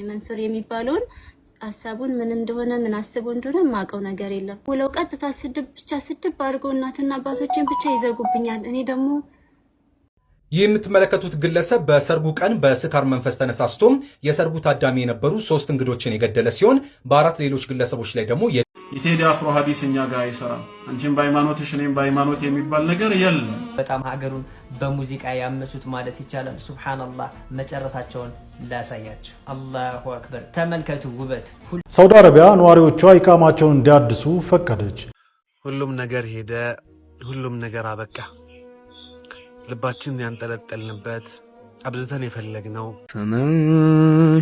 የመንሱር የሚባለውን ሀሳቡን ምን እንደሆነ ምን አስበው እንደሆነ የማውቀው ነገር የለም። ውለው ቀጥታ ስድብ ብቻ ስድብ አድርገው እናትና አባቶችን ብቻ ይዘጉብኛል። እኔ ደግሞ ይህ የምትመለከቱት ግለሰብ በሰርጉ ቀን በስካር መንፈስ ተነሳስቶም የሰርጉ ታዳሚ የነበሩ ሶስት እንግዶችን የገደለ ሲሆን በአራት ሌሎች ግለሰቦች ላይ ደግሞ የቴዲ አፍሮ ሀዲስ እኛ ጋር አይሰራም። አንቺም በሃይማኖትሽ እኔም በሃይማኖት የሚባል ነገር የለም። በጣም ሀገሩን በሙዚቃ ያመሱት ማለት ይቻላል። ሱብሃነላህ መጨረሳቸውን ላሳያቸው። አላሁ አክበር ተመልከቱ። ውበት ሳውዲ አረቢያ ነዋሪዎቿ ኢቃማቸውን እንዲያድሱ ፈቀደች። ሁሉም ነገር ሄደ፣ ሁሉም ነገር አበቃ። ልባችን ያንጠለጠልንበት አብዝተን የፈለግነው ፈመን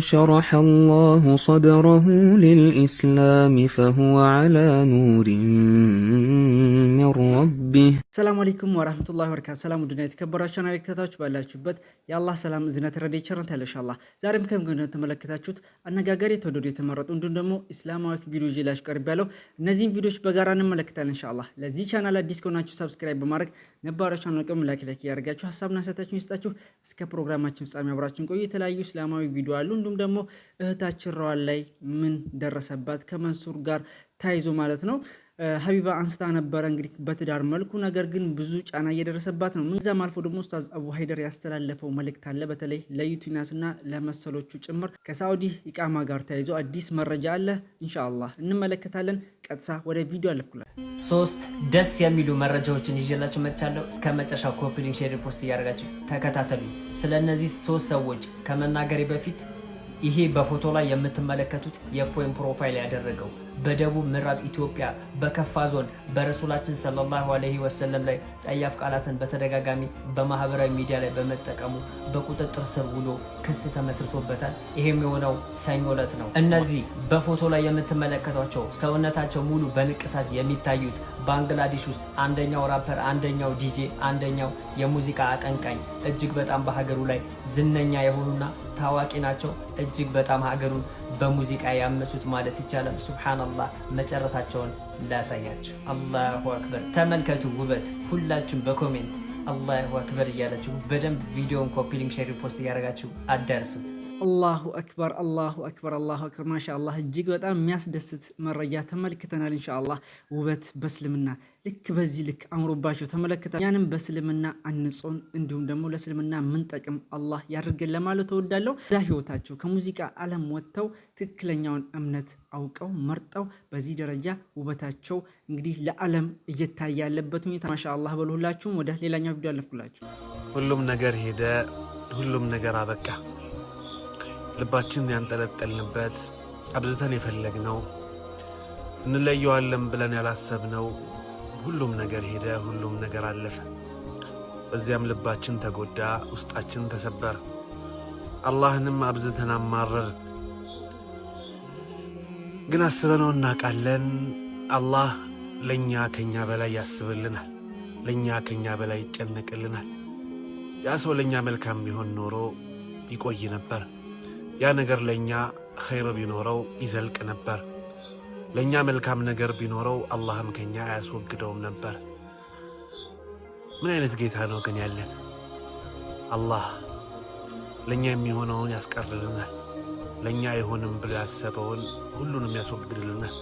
ሸረሐ አላሁ ሰድረሁ ሊልኢስላም ፈሁወ ዐላ ኑሪን ሚን ረቢህ። ሰላሙ አለይኩም ወራህመቱላሂ ወበረካቱ። ሰላም ውድና የተከበራችሁ ተመልካቾቻችን ባላችሁበት የአላህ ሰላም እዝነት ረድኤት ቸርነት ያለሻላህ። ዛሬም ከምግብነት ተመለከታችሁት አነጋጋሪ የተወደዱ የተመረጡ እንዲሁም ደግሞ ኢስላማዊ ቪዲዮ ላሽ ቀርብ እነዚህም ቪዲዮዎች በጋራ እንመለከታለን ኢንሻአላህ። ለዚህ ቻናል አዲስ ከሆናችሁ ሰብስክራይብ በማድረግ ነባሮቿን አቅም ላኪ ላኪ ያደርጋችሁ ሀሳብና ሰታችሁን ይስጣችሁ። እስከ ፕሮግራማችን ፍጻሜ አብራችን ቆዩ። የተለያዩ እስላማዊ ቪዲዮ አሉ። እንዲሁም ደግሞ እህታችን ረዋን ላይ ምን ደረሰባት ከመንሱር ጋር ተያይዞ ማለት ነው ሀቢባ አንስታ ነበረ እንግዲህ በትዳር መልኩ ነገር ግን ብዙ ጫና እየደረሰባት ነው። ምንዛም አልፎ ደግሞ ኡስታዝ አቡ ሀይደር ያስተላለፈው መልእክት አለ። በተለይ ለዩቲናስና ለመሰሎቹ ጭምር ከሳዑዲ ኢቃማ ጋር ተያይዞ አዲስ መረጃ አለ። እንሻላ እንመለከታለን። ቀጥሳ ወደ ቪዲዮ አለፍኩላል። ሶስት ደስ የሚሉ መረጃዎችን ይዤላችሁ መጥቻለሁ። እስከ መጨረሻው ኮፒሊንግ ሼር ፖስት እያደረጋችሁ ተከታተሉ። ስለ እነዚህ ሶስት ሰዎች ከመናገሬ በፊት ይሄ በፎቶ ላይ የምትመለከቱት የፎይም ፕሮፋይል ያደረገው በደቡብ ምዕራብ ኢትዮጵያ በከፋ ዞን በረሱላችን ሰለላሁ አለይህ ወሰለም ላይ ጸያፍ ቃላትን በተደጋጋሚ በማህበራዊ ሚዲያ ላይ በመጠቀሙ በቁጥጥር ስር ውሎ ክስ ተመስርቶበታል። ይሄም የሆነው ሰኞ ዕለት ነው። እነዚህ በፎቶ ላይ የምትመለከቷቸው ሰውነታቸው ሙሉ በንቅሳት የሚታዩት ባንግላዴሽ ውስጥ አንደኛው ራፐር፣ አንደኛው ዲጄ፣ አንደኛው የሙዚቃ አቀንቃኝ እጅግ በጣም በሀገሩ ላይ ዝነኛ የሆኑና ታዋቂ ናቸው። እጅግ በጣም ሀገሩን በሙዚቃ ያመሱት ማለት ይቻላል። ሱብሓነላህ መጨረሳቸውን ላሳያችሁ። አላሁ አክበር ተመልከቱ፣ ውበት ሁላችሁም በኮሜንት አላሁ አክበር እያላችሁ በደንብ ቪዲዮን ኮፒ ሊንክ፣ ሼር፣ ፖስት እያደረጋችሁ አዳርሱት። አላሁ አክበር አላሁ አክበር አላሁ አክበር። ማሻአላህ እጅግ በጣም የሚያስደስት መረጃ ተመልክተናል። እንሻአላህ ውበት በእስልምና ልክ በዚህ ልክ አምሮባቸው ተመለክተናል። እኛንም በእስልምና አንጾን እንዲሁም ደግሞ ለእስልምና ምንጠቅም አላህ ያድርገን ለማለት እወዳለሁ። እዛ ህይወታቸው ከሙዚቃ ዓለም ወጥተው ትክክለኛውን እምነት አውቀው መርጠው በዚህ ደረጃ ውበታቸው እንግዲህ ለዓለም እየታየ ያለበት ሁኔታ ማሻአላህ በልሁላችሁም። ወደ ሌላኛው ቪዲዮ አለፍኩላችሁ። ሁሉም ነገር ሄደ፣ ሁሉም ነገር አበቃ። ልባችንን ያንጠለጠልንበት አብዝተን የፈለግነው እንለየዋለን ብለን ያላሰብነው ሁሉም ነገር ሄደ፣ ሁሉም ነገር አለፈ። በዚያም ልባችን ተጎዳ፣ ውስጣችን ተሰበር፣ አላህንም አብዝተን አማረር። ግን አስበነው እናውቃለን። አላህ ለእኛ ከኛ በላይ ያስብልናል፣ ለእኛ ከኛ በላይ ይጨነቅልናል። ያ ሰው ለእኛ መልካም ቢሆን ኖሮ ይቆይ ነበር። ያ ነገር ለእኛ ኸይር ቢኖረው ይዘልቅ ነበር። ለእኛ መልካም ነገር ቢኖረው አላህም ከኛ አያስወግደውም ነበር። ምን አይነት ጌታ ነው ግን ያለን? አላህ ለእኛ የሚሆነውን ያስቀርልናል። ለእኛ አይሆንም ብሎ ያሰበውን ሁሉንም ያስወግድልናል።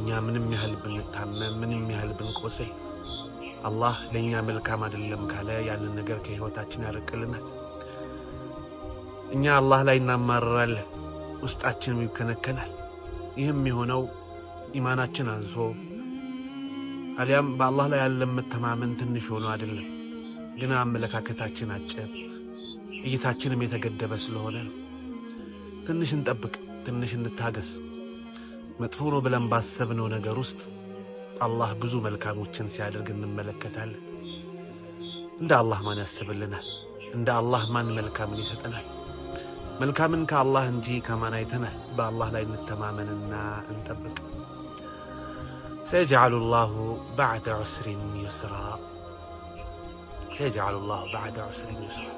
እኛ ምንም ያህል ብንታመም፣ ምንም ያህል ብንቆስል፣ አላህ ለእኛ መልካም አይደለም ካለ ያንን ነገር ከሕይወታችን ያርቅልናል። እኛ አላህ ላይ እናማርራለን፣ ውስጣችንም ይከነከናል። ይህም የሆነው ኢማናችን አንሶ አሊያም በአላህ ላይ ያለን መተማመን ትንሽ ሆኖ አይደለም፣ ግን አመለካከታችን አጭር፣ እይታችንም የተገደበ ስለሆነ ትንሽ እንጠብቅ፣ ትንሽ እንታገስ። መጥፎ ነው ብለን ባሰብነው ነገር ውስጥ አላህ ብዙ መልካሞችን ሲያደርግ እንመለከታለን። እንደ አላህ ማን ያስብልናል? እንደ አላህ ማን መልካምን ይሰጠናል? መልካምን ከአላህ እንጂ ከማን አይተናል። በአላህ ላይ እንተማመንና እንጠብቅ። ሰየጅዓሉ ላሁ ባዕደ ዑስሪን ዩስራ፣ ሰየጅዓሉ ላሁ ባዕደ ዑስሪን ዩስራ።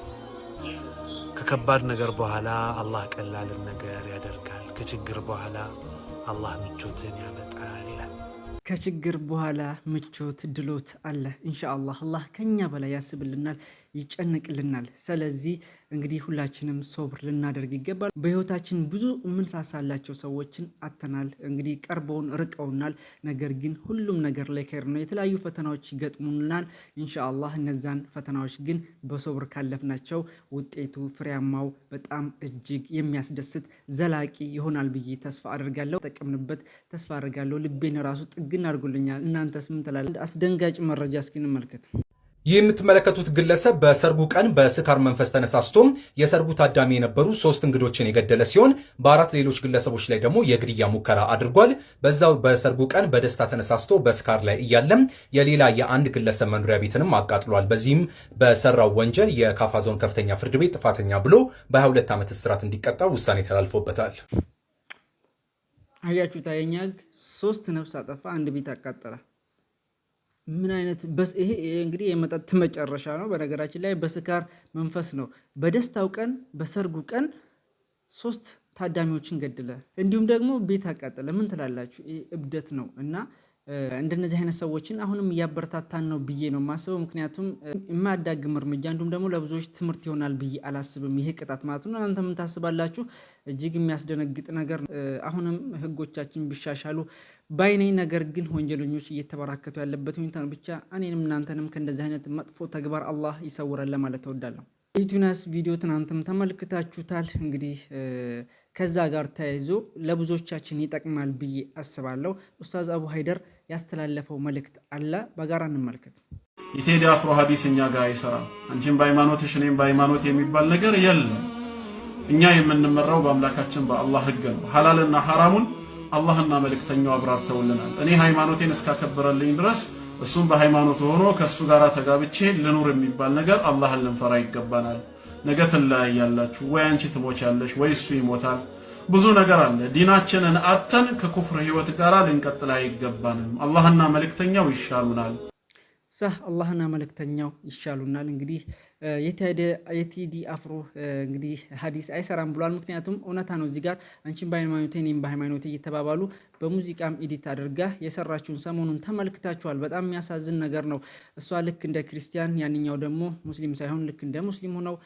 ከከባድ ነገር በኋላ አላህ ቀላልን ነገር ያደርጋል። ከችግር በኋላ አላህ ምቾትን ያመጣል ይላል። ከችግር በኋላ ምቾት ድሎት አለ። እንሻ አላህ አላህ ከኛ በላይ ያስብልናል። ይጨነቅልናል። ስለዚህ እንግዲህ ሁላችንም ሶብር ልናደርግ ይገባል። በህይወታችን ብዙ ምንሳሳላቸው ሰዎችን አተናል። እንግዲህ ቀርበውን ርቀውናል። ነገር ግን ሁሉም ነገር ላይ ከር ነው። የተለያዩ ፈተናዎች ይገጥሙናል። ኢንሻአላህ እነዛን ፈተናዎች ግን በሶብር ካለፍናቸው ውጤቱ ፍሬያማው በጣም እጅግ የሚያስደስት ዘላቂ ይሆናል ብዬ ተስፋ አድርጋለሁ። ጠቀምንበት ተስፋ አድርጋለሁ። ልቤን ራሱ ጥግን አድርጎልኛል። እናንተስ ምን ትላላችሁ? አስደንጋጭ መረጃ እስኪ እንመልከት። ይህ የምትመለከቱት ግለሰብ በሰርጉ ቀን በስካር መንፈስ ተነሳስቶም የሰርጉ ታዳሚ የነበሩ ሶስት እንግዶችን የገደለ ሲሆን በአራት ሌሎች ግለሰቦች ላይ ደግሞ የግድያ ሙከራ አድርጓል። በዛው በሰርጉ ቀን በደስታ ተነሳስቶ በስካር ላይ እያለም የሌላ የአንድ ግለሰብ መኖሪያ ቤትንም አቃጥሏል። በዚህም በሰራው ወንጀል የካፋ ዞን ከፍተኛ ፍርድ ቤት ጥፋተኛ ብሎ በ22 ዓመት እስራት እንዲቀጣ ውሳኔ ተላልፎበታል። አያችሁ ታየኛግ ሶስት ነፍስ አጠፋ፣ አንድ ቤት አቃጠላል። ምን አይነት ይሄ እንግዲህ የመጠጥ መጨረሻ ነው። በነገራችን ላይ በስካር መንፈስ ነው። በደስታው ቀን በሰርጉ ቀን ሶስት ታዳሚዎችን ገድለ እንዲሁም ደግሞ ቤት አቃጠለ። ምን ትላላችሁ? ይህ እብደት ነው እና እንደነዚህ አይነት ሰዎችን አሁንም እያበረታታን ነው ብዬ ነው የማስበው። ምክንያቱም የማያዳግም እርምጃ እንዲሁም ደግሞ ለብዙዎች ትምህርት ይሆናል ብዬ አላስብም። ይሄ ቅጣት ማለት ነው። እናንተ ምን ታስባላችሁ? እጅግ የሚያስደነግጥ ነገር። አሁንም ህጎቻችን ቢሻሻሉ ባይነኝ። ነገር ግን ወንጀለኞች እየተበራከቱ ያለበት ሁኔታ ብቻ እኔንም እናንተንም ከእንደዚህ አይነት መጥፎ ተግባር አላህ ይሰውራል ለማለት እወዳለሁ። የዩቲናስ ቪዲዮ ትናንትም ተመልክታችሁታል። እንግዲህ ከዛ ጋር ተያይዞ ለብዙዎቻችን ይጠቅማል ብዬ አስባለሁ። ኡስታዝ አቡ ሀይደር ያስተላለፈው መልእክት አለ፣ በጋራ እንመልከት። የቴዲ አፍሮ ሀዲስ እኛ ጋር አይሰራም። አንቺም በሃይማኖትሽ እኔም በሃይማኖት የሚባል ነገር የለም። እኛ የምንመራው በአምላካችን በአላህ ህግ ነው። ሐላልና ሐራሙን አላህና መልእክተኛው አብራርተውልናል። እኔ ሃይማኖቴን እስካከበረልኝ ድረስ እሱም በሃይማኖት ሆኖ ከእሱ ጋር ተጋብቼ ልኑር የሚባል ነገር አላህን ልንፈራ ይገባናል። ነገ ትለያያላችሁ፣ ወይ አንቺ ትሞቻለሽ፣ ወይ እሱ ይሞታል። ብዙ ነገር አለ። ዲናችንን አተን ከኩፍር ህይወት ጋር ልንቀጥል አይገባንም። አላህና መልእክተኛው ይሻሉናል። ሳህ አላህና መልእክተኛው ይሻሉናል። እንግዲህ የቴዲ አፍሮ እንግዲህ ሀዲስ አይሰራም ብሏል። ምክንያቱም እውነታ ነው። እዚህ ጋር አንቺን በሃይማኖቴ እኔም በሃይማኖቴ እየተባባሉ በሙዚቃም ኤዲት አድርጋ የሰራችውን ሰሞኑን ተመልክታችኋል። በጣም የሚያሳዝን ነገር ነው። እሷ ልክ እንደ ክርስቲያን፣ ያንኛው ደግሞ ሙስሊም ሳይሆን ልክ እንደ ሙስሊም ሆነው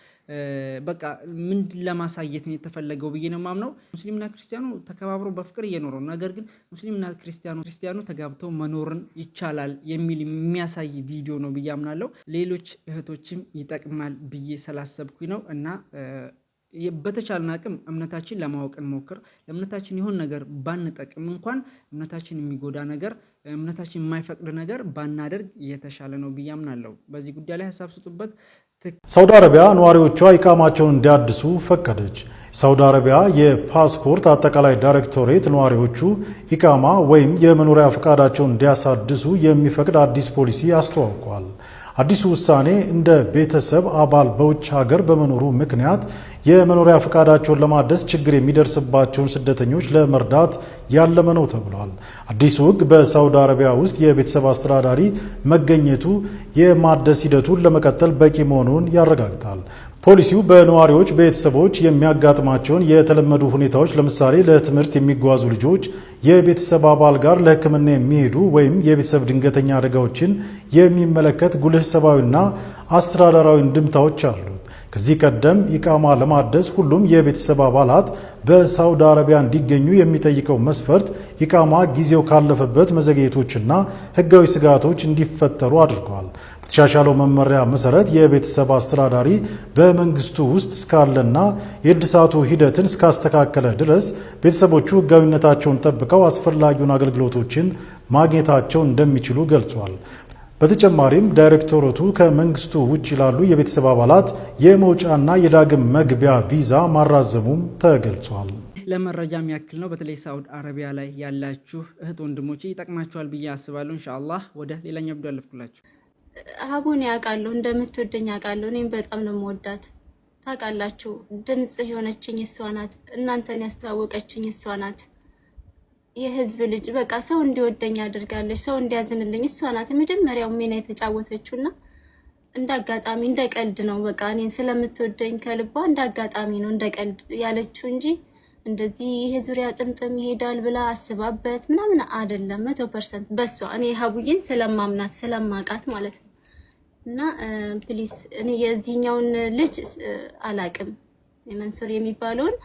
በቃ ምንድን ለማሳየት ነው የተፈለገው ብዬ ነው የማምነው። ሙስሊምና ክርስቲያኑ ተከባብሮ በፍቅር እየኖረው ነገር ግን ሙስሊምና ክርስቲያኑ ክርስቲያኑ ተጋብተው መኖርን ይቻላል የሚል የሚያሳይ ቪዲዮ ነው ብዬ አምናለሁ። ሌሎች እህቶችም ይጠቅማል ብዬ ስላሰብኩኝ ነው እና በተቻልን አቅም እምነታችን ለማወቅ እንሞክር። ለእምነታችን የሆን ነገር ባንጠቅም እንኳን እምነታችን የሚጎዳ ነገር፣ እምነታችን የማይፈቅድ ነገር ባናደርግ የተሻለ ነው ብዬ አምናለሁ። በዚህ ጉዳይ ላይ ሀሳብ ስጡበት። ሳውዲ አረቢያ ነዋሪዎቿ ኢቃማቸውን እንዲያድሱ ፈቀደች። ሳውዲ አረቢያ የፓስፖርት አጠቃላይ ዳይሬክቶሬት ነዋሪዎቹ ኢቃማ ወይም የመኖሪያ ፈቃዳቸውን እንዲያሳድሱ የሚፈቅድ አዲስ ፖሊሲ አስተዋውቋል። አዲሱ ውሳኔ እንደ ቤተሰብ አባል በውጭ ሀገር በመኖሩ ምክንያት የመኖሪያ ፈቃዳቸውን ለማደስ ችግር የሚደርስባቸውን ስደተኞች ለመርዳት ያለመ ነው ተብሏል። አዲሱ ሕግ በሳውዲ አረቢያ ውስጥ የቤተሰብ አስተዳዳሪ መገኘቱ የማደስ ሂደቱን ለመቀጠል በቂ መሆኑን ያረጋግጣል። ፖሊሲው በነዋሪዎች ቤተሰቦች የሚያጋጥማቸውን የተለመዱ ሁኔታዎች ለምሳሌ ለትምህርት የሚጓዙ ልጆች የቤተሰብ አባል ጋር ለሕክምና የሚሄዱ ወይም የቤተሰብ ድንገተኛ አደጋዎችን የሚመለከት ጉልህ ሰብአዊና አስተዳደራዊ እንድምታዎች አሉት። ከዚህ ቀደም ኢቃማ ለማደስ ሁሉም የቤተሰብ አባላት በሳውዲ አረቢያ እንዲገኙ የሚጠይቀው መስፈርት ኢቃማ ጊዜው ካለፈበት መዘግየቶችና ሕጋዊ ስጋቶች እንዲፈጠሩ አድርገዋል። በተሻሻለው መመሪያ መሰረት የቤተሰብ አስተዳዳሪ በመንግስቱ ውስጥ እስካለና የእድሳቱ ሂደትን እስካስተካከለ ድረስ ቤተሰቦቹ ሕጋዊነታቸውን ጠብቀው አስፈላጊውን አገልግሎቶችን ማግኘታቸው እንደሚችሉ ገልጿል። በተጨማሪም ዳይሬክቶሮቱ ከመንግስቱ ውጭ ላሉ የቤተሰብ አባላት የመውጫና የዳግም መግቢያ ቪዛ ማራዘሙም ተገልጿል። ለመረጃ የሚያክል ነው። በተለይ ሳውድ አረቢያ ላይ ያላችሁ እህት ወንድሞቼ ይጠቅማችኋል ብዬ አስባለሁ። እንሻአላህ ወደ ሌላኛው ቪዲዮ አለፍኩላችሁ። አቡን ያውቃለሁ፣ እንደምትወደኝ ያውቃለሁ። እኔም በጣም ነው የምወዳት ታውቃላችሁ። ድምፅ የሆነችኝ እሷ ናት። እናንተን ያስተዋወቀችኝ እሷ ናት። የህዝብ ልጅ በቃ ሰው እንዲወደኝ አድርጋለች፣ ሰው እንዲያዝንልኝ እሷ ናት መጀመሪያው ሚና የተጫወተችው እና እንደ አጋጣሚ እንደ ቀልድ ነው በቃ እኔን ስለምትወደኝ ከልቧ እንደ አጋጣሚ ነው እንደ ቀልድ ያለችው እንጂ እንደዚህ ይሄ ዙሪያ ጥምጥም ይሄዳል ብላ አስባበት ምናምን አይደለም። መቶ ፐርሰንት በሷ እኔ ሀቡዬን ስለማምናት ስለማቃት ማለት ነው። እና ፕሊስ እኔ የዚህኛውን ልጅ አላቅም የመንሱር የሚባለውን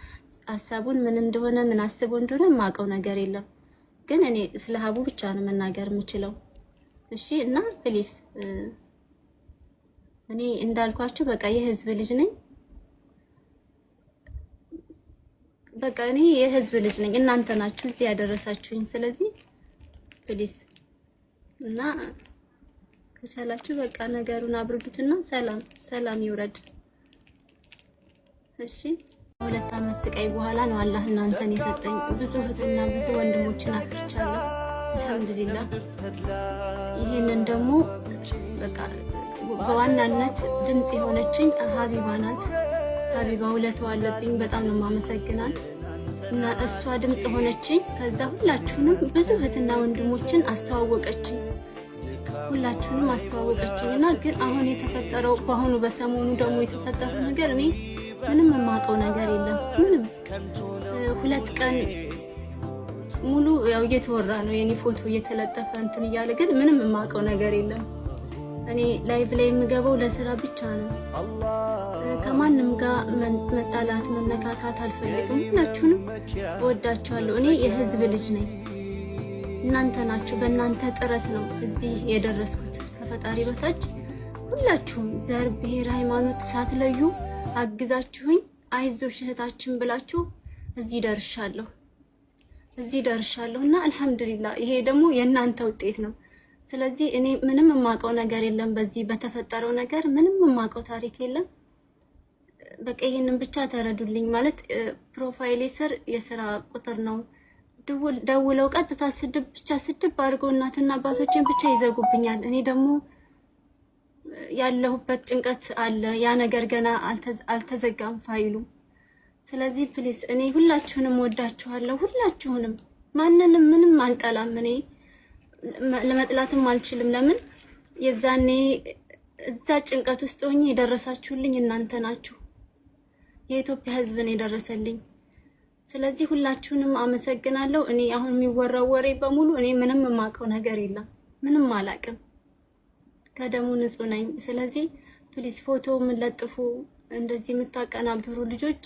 ሀሳቡን ምን እንደሆነ ምን አስቦ እንደሆነ የማውቀው ነገር የለም። ግን እኔ ስለ ሀቡ ብቻ ነው መናገር የምችለው። እሺ እና ፕሊስ እኔ እንዳልኳችሁ በቃ የህዝብ ልጅ ነኝ። በቃ እኔ የህዝብ ልጅ ነኝ። እናንተ ናችሁ እዚህ ያደረሳችሁኝ። ስለዚህ ፕሊስ እና ከቻላችሁ በቃ ነገሩን አብርዱትና ሰላም ሰላም ይውረድ። እሺ ሁለት ዓመት ስቃይ በኋላ ነው አላህ እናንተን የሰጠኝ። ብዙ እህትና ብዙ ወንድሞችን አፍርቻለሁ። አልሐምዱሊላህ። ይህንን ደግሞ በቃ በዋናነት ድምፅ የሆነችኝ ሀቢባ ናት። ሀቢባ ውለቷ አለብኝ። በጣም ነው ማመሰግናት እና እሷ ድምፅ ሆነችኝ። ከዛ ሁላችሁንም ብዙ እህትና ወንድሞችን አስተዋወቀችኝ። ሁላችሁንም አስተዋወቀችኝ እና ግን አሁን የተፈጠረው በአሁኑ በሰሞኑ ደግሞ የተፈጠረው ነገር እኔ ምንም የማውቀው ነገር የለም። ምንም ሁለት ቀን ሙሉ ያው እየተወራ ነው የኔ ፎቶ እየተለጠፈ እንትን እያለ ግን ምንም የማውቀው ነገር የለም። እኔ ላይቭ ላይ የምገባው ለስራ ብቻ ነው። ከማንም ጋር መጣላት፣ መነካካት አልፈልግም። ሁላችሁንም እወዳችኋለሁ። እኔ የህዝብ ልጅ ነኝ። እናንተ ናችሁ። በእናንተ ጥረት ነው እዚህ የደረስኩት ከፈጣሪ በታች ሁላችሁም ዘር፣ ብሔር፣ ሃይማኖት ሳትለዩ አግዛችሁኝ አይዞሽ እህታችን ብላችሁ እዚህ ደርሻለሁ እዚህ ደርሻለሁ እና አልሐምዱሊላ ይሄ ደግሞ የእናንተ ውጤት ነው። ስለዚህ እኔ ምንም የማውቀው ነገር የለም። በዚህ በተፈጠረው ነገር ምንም የማውቀው ታሪክ የለም። በቃ ይህንን ብቻ ተረዱልኝ። ማለት ፕሮፋይሌ ስር የስራ ቁጥር ነው። ደውለው ቀጥታ ስድብ ብቻ ስድብ አድርገው እናትና አባቶችን ብቻ ይዘጉብኛል። እኔ ደግሞ ያለሁበት ጭንቀት አለ። ያ ነገር ገና አልተዘጋም ፋይሉ። ስለዚህ ፕሊስ እኔ ሁላችሁንም ወዳችኋለሁ። ሁላችሁንም ማንንም ምንም አልጠላም። እኔ ለመጥላትም አልችልም። ለምን የዛኔ እዛ ጭንቀት ውስጥ ሆኜ የደረሳችሁልኝ እናንተ ናችሁ። የኢትዮጵያ ህዝብ ነው የደረሰልኝ። ስለዚህ ሁላችሁንም አመሰግናለሁ። እኔ አሁን የሚወራው ወሬ በሙሉ እኔ ምንም የማውቀው ነገር የለም። ምንም አላውቅም። ከደሙ ንጹህ ነኝ። ስለዚህ ፕሊስ ፎቶ የምንለጥፉ እንደዚህ የምታቀናብሩ ልጆች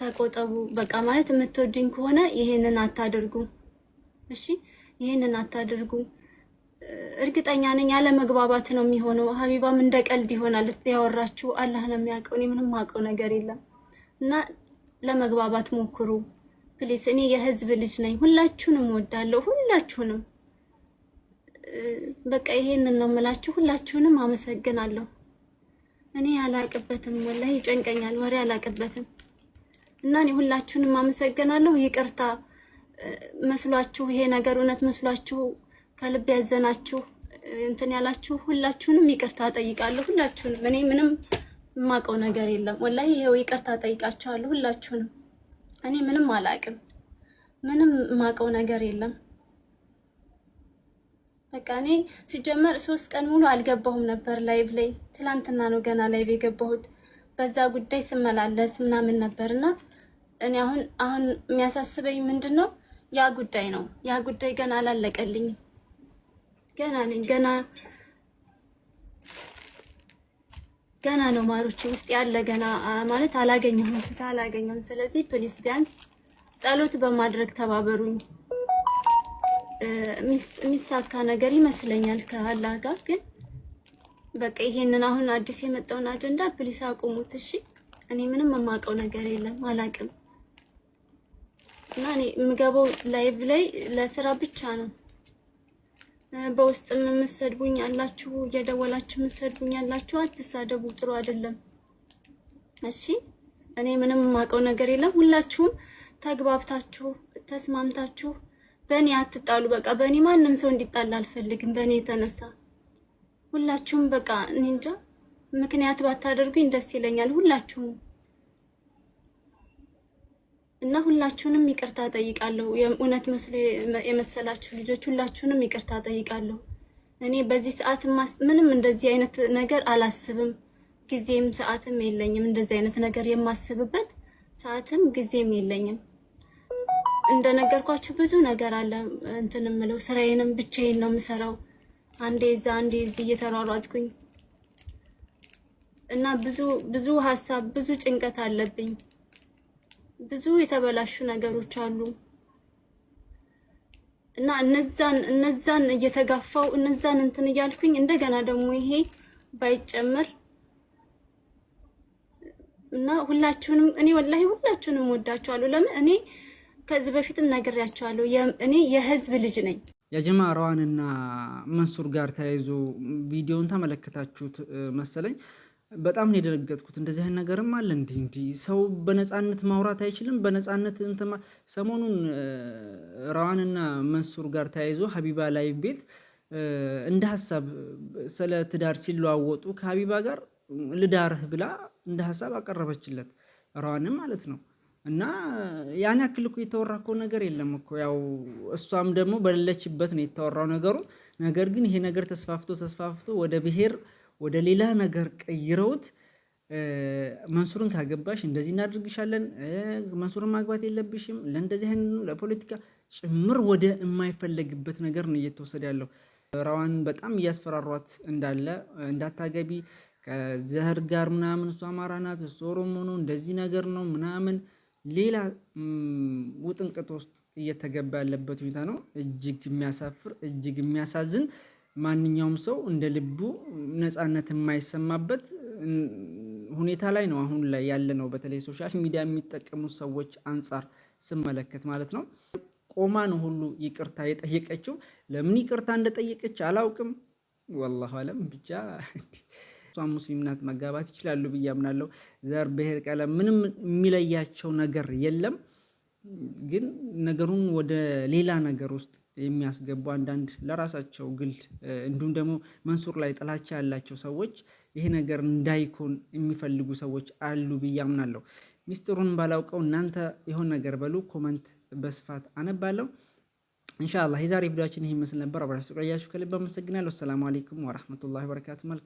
ተቆጠቡ። በቃ ማለት የምትወድኝ ከሆነ ይሄንን አታድርጉ። እሺ፣ ይሄንን አታድርጉ። እርግጠኛ ነኝ ያለ መግባባት ነው የሚሆነው። ሀቢባም እንደ ቀልድ ይሆናል ያወራችሁ። አላህ ነው የሚያውቀው። እኔ ምንም አውቀው ነገር የለም። እና ለመግባባት ሞክሩ ፕሊስ። እኔ የህዝብ ልጅ ነኝ። ሁላችሁንም ወዳለሁ። ሁላችሁንም በቃ ይሄንን ነው የምላችሁ። ሁላችሁንም አመሰግናለሁ። እኔ አላቅበትም፣ ወላሂ ይጨንቀኛል፣ ወሬ አላቅበትም እና እኔ ሁላችሁንም አመሰግናለሁ። ይቅርታ መስሏችሁ ይሄ ነገር እውነት መስሏችሁ ከልብ ያዘናችሁ እንትን ያላችሁ ሁላችሁንም ይቅርታ ጠይቃለሁ። ሁላችሁንም እኔ ምንም የማውቀው ነገር የለም ወላሂ። ይሄው ይቅርታ ጠይቃችኋለሁ ሁላችሁንም። እኔ ምንም አላቅም ምንም የማውቀው ነገር የለም። በቃ እኔ ሲጀመር ሶስት ቀን ሙሉ አልገባሁም ነበር ላይቭ ላይ። ትላንትና ነው ገና ላይቭ የገባሁት። በዛ ጉዳይ ስመላለስ ምናምን ነበር እና እኔ አሁን አሁን የሚያሳስበኝ ምንድን ነው ያ ጉዳይ ነው። ያ ጉዳይ ገና አላለቀልኝም። ገና ነኝ ገና ገና ነው ማሮች ውስጥ ያለ ገና ማለት አላገኘሁም፣ ፍትህ አላገኘሁም። ስለዚህ ፕሊስ ቢያንስ ጸሎት በማድረግ ተባበሩኝ። የሚሳካ ነገር ይመስለኛል ከአላህ ጋር ግን በቃ ይሄንን አሁን አዲስ የመጣውን አጀንዳ ፕሊስ አቁሙት። እሺ እኔ ምንም የማውቀው ነገር የለም አላውቅም። እና እኔ የምገባው ላይቭ ላይ ለስራ ብቻ ነው። በውስጥም የምትሰድቡኝ ያላችሁ፣ እየደወላችሁ የምትሰድቡኝ ያላችሁ አትሳደቡ፣ ጥሩ አይደለም። እሺ እኔ ምንም የማውቀው ነገር የለም። ሁላችሁም ተግባብታችሁ ተስማምታችሁ በእኔ አትጣሉ። በቃ በእኔ ማንም ሰው እንዲጣላ አልፈልግም። በእኔ የተነሳ ሁላችሁም በቃ እኔ እንጃ ምክንያት ባታደርጉኝ ደስ ይለኛል። ሁላችሁም እና ሁላችሁንም ይቅርታ ጠይቃለሁ። እውነት መስሎ የመሰላችሁ ልጆች ሁላችሁንም ይቅርታ ጠይቃለሁ። እኔ በዚህ ሰዓት ምንም እንደዚህ አይነት ነገር አላስብም። ጊዜም ሰዓትም የለኝም እንደዚህ አይነት ነገር የማስብበት ሰዓትም ጊዜም የለኝም። እንደነገርኳችሁ ብዙ ነገር አለ እንትን የምለው ስራዬንም ብቻዬን ነው የምሰራው። አንዴ እዛ አንዴ እዚህ እየተሯሯጥኩኝ እና ብዙ ብዙ ሀሳብ ብዙ ጭንቀት አለብኝ። ብዙ የተበላሹ ነገሮች አሉ እና እነዛን እነዛን እየተጋፋው እነዛን እንትን እያልኩኝ እንደገና ደግሞ ይሄ ባይጨምር እና ሁላችሁንም እኔ ወላሂ ሁላችሁንም ወዳችኋለሁ። ለምን እኔ ከዚህ በፊትም ነግሬያቸዋለሁ። እኔ የህዝብ ልጅ ነኝ። የጀማ ረዋንና መንሱር ጋር ተያይዞ ቪዲዮን ተመለከታችሁት መሰለኝ። በጣም ነው የደነገጥኩት። እንደዚህ አይነት ነገርም አለ እንዲህ እንዲ ሰው በነፃነት ማውራት አይችልም። በነፃነት እንትማ ሰሞኑን ረዋንና መንሱር ጋር ተያይዞ ሀቢባ ላይ ቤት እንደ ሀሳብ ስለ ትዳር ሲለዋወጡ ከሀቢባ ጋር ልዳርህ ብላ እንደ ሀሳብ አቀረበችለት ረዋንም ማለት ነው። እና ያን ያክል እኮ የተወራ እኮ ነገር የለም እኮ ያው እሷም ደግሞ በሌለችበት ነው የተወራው ነገሩ። ነገር ግን ይሄ ነገር ተስፋፍቶ ተስፋፍቶ ወደ ብሔር ወደ ሌላ ነገር ቀይረውት መንሱርን ካገባሽ እንደዚህ እናደርግሻለን፣ መንሱርን ማግባት የለብሽም ለእንደዚህ አይነት ለፖለቲካ ጭምር ወደ የማይፈለግበት ነገር ነው እየተወሰደ ያለው። ራዋን በጣም እያስፈራሯት እንዳለ እንዳታገቢ ከዘር ጋር ምናምን እሱ አማራ ናት እሱ ኦሮሞ ነው እንደዚህ ነገር ነው ምናምን ሌላ ውጥንቅጥ ውስጥ እየተገባ ያለበት ሁኔታ ነው። እጅግ የሚያሳፍር እጅግ የሚያሳዝን ማንኛውም ሰው እንደ ልቡ ነፃነት የማይሰማበት ሁኔታ ላይ ነው አሁን ላይ ያለ ነው። በተለይ ሶሻል ሚዲያ የሚጠቀሙ ሰዎች አንጻር ስመለከት ማለት ነው። ቆማ ነው ሁሉ ይቅርታ የጠየቀችው። ለምን ይቅርታ እንደጠየቀች አላውቅም። ወላሁ አለም ብቻ እሷም ሙስሊም መጋባት ይችላሉ ብዬ አምናለሁ። ዘር፣ ብሔር፣ ቀለም ምንም የሚለያቸው ነገር የለም። ግን ነገሩን ወደ ሌላ ነገር ውስጥ የሚያስገቡ አንዳንድ ለራሳቸው ግል እንዲሁም ደግሞ መንሱር ላይ ጥላቻ ያላቸው ሰዎች ይሄ ነገር እንዳይኮን የሚፈልጉ ሰዎች አሉ ብዬ አምናለሁ። ሚስጥሩን ባላውቀው እናንተ የሆን ነገር በሉ። ኮመንት በስፋት አነባለሁ። እንሻላ የዛሬ ቪዲዮአችን ይህ ይመስል ነበር። አብራችሁ ቆያችሁ ከልብ አመሰግናለሁ። አሰላሙ አሌይኩም ወራህመቱላሂ ወበረካቱ። መልካም